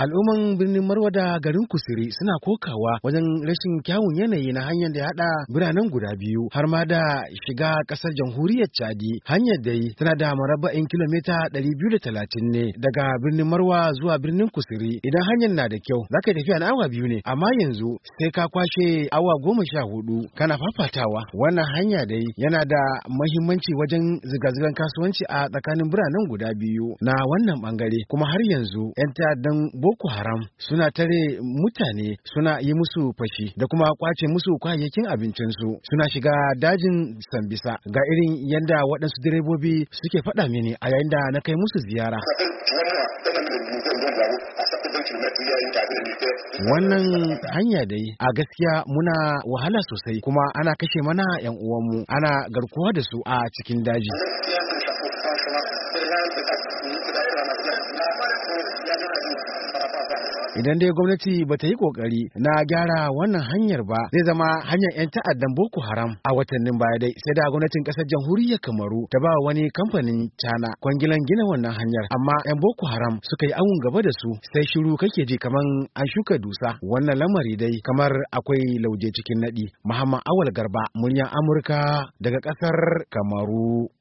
Al'umman birnin Marwa da garin Kusiri suna kokawa wajen rashin kyawun yanayi na hanyar da ya haɗa biranen guda biyu har ma da shiga ƙasar jamhuriyar Chadi. Hanyar dai tana da marabba'in kilomita 230 ne daga birnin Marwa zuwa birnin Kusiri. Idan hanyar na da kyau za ka tafiya na awa biyu ne amma yanzu sai ka kwashe awa goma sha hudu kana fafatawa. Wannan hanya dai yana da mahimmanci wajen zirga-zirgar kasuwanci a tsakanin biranen guda biyu na wannan bangare kuma har yanzu 'yan ta'addan boko haram suna tare mutane suna yi musu fashi da kuma kwace musu kayayyakin abincinsu suna shiga dajin sambisa ga irin yadda waɗansu direbobi suke faɗa mini a yayin da na kai musu ziyara wannan hanya dai a gaskiya muna wahala sosai kuma ana kashe mana 'yan uwanmu ana garkuwa da su a cikin daji Idan dai gwamnati ba ta yi kokari na gyara wannan hanyar ba zai zama hanyar 'yan ta'addan Boko Haram a watannin baya dai sai da gwamnatin kasar jamhuriyar Kamaru ta ba wani kamfanin cana, kwangilan gina wannan hanyar amma 'yan Boko Haram suka yi awun gaba da su sai shiru kake ji kaman an shuka dusa wannan lamari dai kamar akwai lauje cikin nadi. Muhammad Awal Garba muryar Amurka daga ƙasar Kamaru.